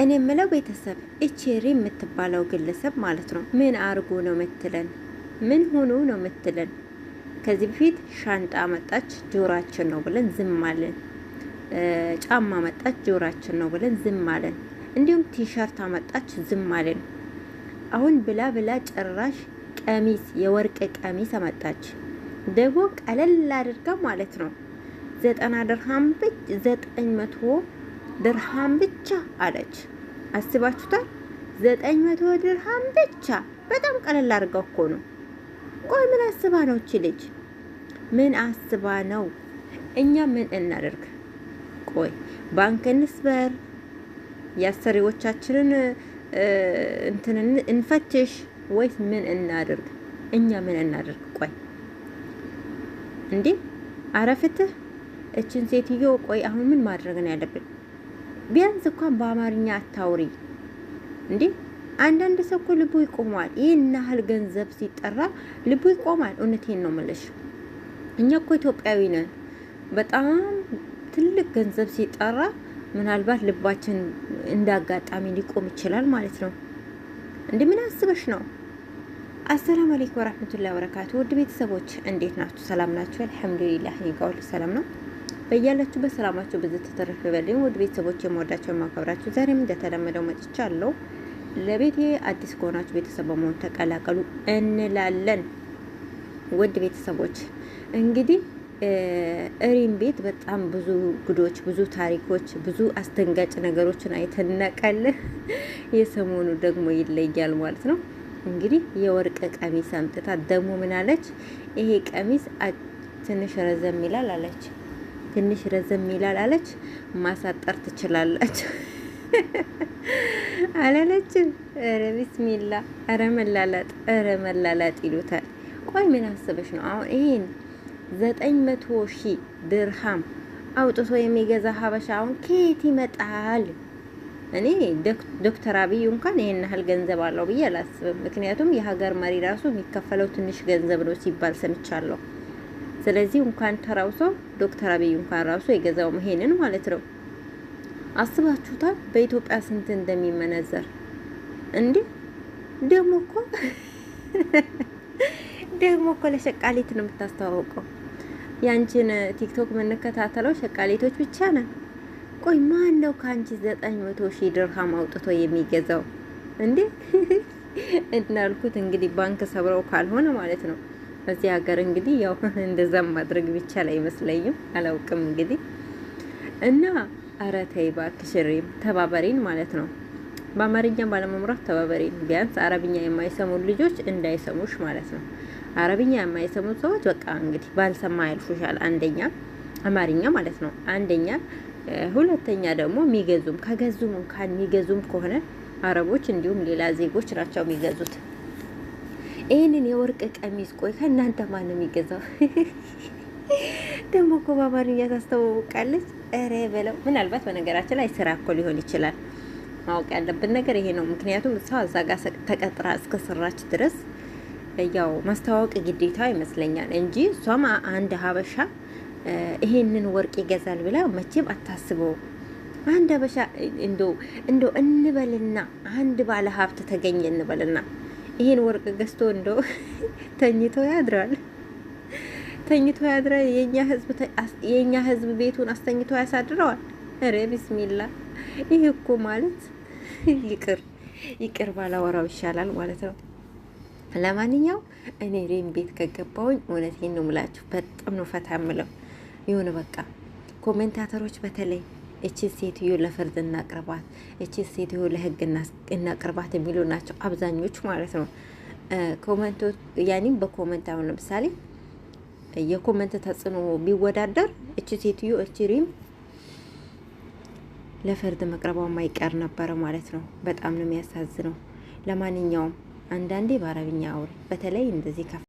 እኔ የምለው ቤተሰብ እቺ ሪ የምትባለው ግለሰብ ማለት ነው ምን አርጎ ነው ምትለን? ምን ሆኖ ነው ምትለን? ከዚህ በፊት ሻንጣ መጣች ጆራችን ነው ብለን ዝም አለን። ጫማ መጣች ጆራችን ነው ብለን ዝም አለን። እንዲሁም ቲሸርት አመጣች ዝም አለን። አሁን ብላ ብላ ጭራሽ ቀሚስ የወርቅ ቀሚስ አመጣች። ደግሞ ቀለል አድርጋ ማለት ነው ዘጠና ድርሃም ብቻ ዘጠኝ መቶ ድርሃም ብቻ አለች። አስባችሁታል? ዘጠኝ መቶ ድርሃም ብቻ። በጣም ቀለል አድርገው እኮ ነው። ቆይ ምን አስባ ነው እቺ ልጅ? ምን አስባ ነው? እኛ ምን እናደርግ? ቆይ ባንክ እንስበር፣ የአሰሪዎቻችንን እንትን እንፈትሽ ወይስ ምን እናደርግ? እኛ ምን እናደርግ? ቆይ እንዴ አረፍትህ እችን ሴትዮ ቆይ አሁን ምን ማድረግ ነው ያለብን? ቢያንስ እንኳን በአማርኛ አታውሪ እንዴ! አንዳንድ ሰው እኮ ልቡ ይቆማል። ይህን ያህል ገንዘብ ሲጠራ ልቡ ይቆማል። እውነቴን ነው የምልሽ። እኛ እኮ ኢትዮጵያዊ ነን። በጣም ትልቅ ገንዘብ ሲጠራ ምናልባት ልባችን እንደ አጋጣሚ ሊቆም ይችላል ማለት ነው። እንደ ምን አስበሽ ነው? አሰላም አለይኩም ወራህመቱላሂ ወበረካቱ። ውድ ቤተሰቦች እንዴት ናችሁ? ሰላም ናችሁ? አልሐምዱሊላህ እኔ ጋር ሁሉ ሰላም ነው። በያላችሁበት ሰላማችሁ ብዙ ተተረፍ ይበልኝ። ውድ ቤተሰቦች የምወዳቸው የማከብራችሁ፣ ዛሬም እንደተለመደው መጥቻለሁ። ለቤቴ አዲስ ከሆናችሁ ቤተሰብ በመሆን ተቀላቀሉ እንላለን። ውድ ቤተሰቦች እንግዲህ እሪም ቤት በጣም ብዙ ጉዶች፣ ብዙ ታሪኮች፣ ብዙ አስደንጋጭ ነገሮችን አይተነቀል። የሰሞኑ ደግሞ ይለያል ማለት ነው። እንግዲህ የወርቅ ቀሚስ አምጥታ ደግሞ ምን አለች? ይሄ ቀሚስ ትንሽ ረዘም ይላል አለች። ትንሽ ረዘም ይላል አለች። ማሳጠር ትችላለች አላለችም። ኧረ ቢስሚላ፣ ኧረ መላላጥ፣ ኧረ መላላጥ ይሉታል። ቆይ ምን አስበሽ ነው አሁን ይሄን ዘጠኝ መቶ ሺህ ድርሃም አውጥቶ የሚገዛ ሀበሻ አሁን ከየት ይመጣል? እኔ ዶክተር አብይ እንኳን ይሄን ያህል ገንዘብ አለው ብዬ አላስብም። ምክንያቱም የሀገር መሪ ራሱ የሚከፈለው ትንሽ ገንዘብ ነው ሲባል ሰምቻለሁ። ስለዚህ እንኳን ተራው ሰው ዶክተር አብይ እንኳን ራሱ የገዛው ይሄንን ማለት ነው። አስባችሁታል? በኢትዮጵያ ስንት እንደሚመነዘር እንዴ! ደግሞ እኮ ደግሞ እኮ ለሸቃሊት ነው የምታስተዋውቀው። ያንቺን ቲክቶክ የምንከታተለው ሸቃሊቶች ብቻ ነን። ቆይ ማን ነው ከአንቺ ዘጠኝ መቶ ሺህ ድርሃም አውጥቶ የሚገዛው እንዴ? እንዳልኩት እንግዲህ ባንክ ሰብረው ካልሆነ ማለት ነው በዚህ ሀገር እንግዲህ ያው እንደዛም ማድረግ ቢቻል አይመስለኝም። አላውቅም እንግዲህ እና አረ ተይ እባክሽ ተባበሪን ማለት ነው። በአማርኛ ባለመምራት ተባበሪን። ቢያንስ አረብኛ የማይሰሙ ልጆች እንዳይሰሙሽ ማለት ነው። አረብኛ የማይሰሙ ሰዎች በቃ እንግዲህ ባልሰማ ያልፉሻል። አንደኛ አማርኛ ማለት ነው። አንደኛ ሁለተኛ ደግሞ የሚገዙም ከገዙም እንኳን የሚገዙም ከሆነ አረቦች እንዲሁም ሌላ ዜጎች ናቸው የሚገዙት። ይህንን የወርቅ ቀሚስ ቆይ ከእናንተ ማን ነው የሚገዛው? ደግሞ እኮ በአማርኛ ታስተዋውቃለች። ኧረ በለው። ምናልባት በነገራችን ላይ ስራ እኮ ሊሆን ይችላል። ማወቅ ያለብን ነገር ይሄ ነው። ምክንያቱም ሰው እዛ ጋር ተቀጥራ እስከ ስራች ድረስ ያው ማስተዋወቅ ግዴታ ይመስለኛል እንጂ እሷም አንድ ሀበሻ ይሄንን ወርቅ ይገዛል ብላ መቼም አታስበው። አንድ ሀበሻ እንዶ እንበልና አንድ ባለ ሀብት ተገኘ እንበልና ይህን ወርቅ ገዝቶ እንደው ተኝቶ ያድራል ተኝቶ ያድራል። የኛ ህዝብ ቤቱን አስተኝቶ ያሳድረዋል። ኧረ ቢስሚላ ይህ እኮ ማለት ይቅር ይቅር ባላወራው ይሻላል ማለት ነው። ለማንኛው እኔ ሬም ቤት ከገባውኝ እውነቴን ነው የምላችሁ፣ በጣም ነው ፈታ የምለው። የሆነ በቃ ኮሜንታተሮች በተለይ እችን ሴትዮ ለፍርድ እናቅርባት፣ እችን ሴትዮ ለህግ እናቅርባት የሚሉ ናቸው አብዛኞቹ ማለት ነው። ኮመንቶ ያኔም በኮመንት አሁን ለምሳሌ የኮመንት ተጽዕኖ ቢወዳደር እች ሴትዮ እች ሪም ለፍርድ መቅረቧ ማይቀር ነበረ ማለት ነው። በጣም ነው የሚያሳዝነው። ለማንኛውም አንዳንዴ በአረብኛ አውሪ በተለይ እንደዚህ